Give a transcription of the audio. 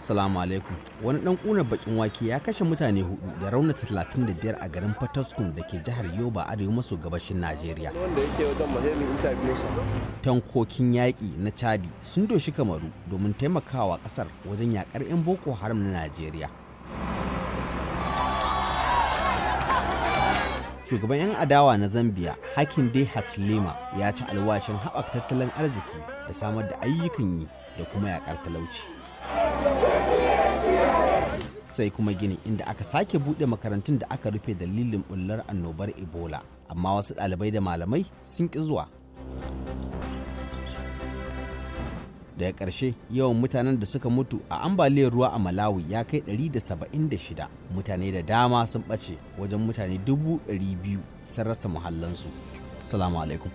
Salamu alaikum. Wani ɗan ƙunar bakin wake ya kashe mutane hudu da raunata 35 a garin Fataskun da ke jihar Yoba arewa maso gabashin Najeriya. Tankokin yaƙi na Chadi sun doshi kamaru domin taimakawa ƙasar wajen yaƙar 'yan Boko Haram na Najeriya. Shugaban 'yan adawa na Zambia, Hakim Dai Hachlema ya ci alwashin haɓaka tattalin arziki da samar da ayyukan yi da kuma yaƙar talauci. sai kuma gini inda aka sake bude makarantun da aka rufe dalilin bullar annobar ebola amma wasu dalibai da malamai sun ki zuwa daga karshe yawan mutanen da suka mutu a ambaliyar ruwa a malawi ya kai 176 mutane da dama sun ɓace wajen mutane 200,000 sun rasa muhallansu salamu alaikum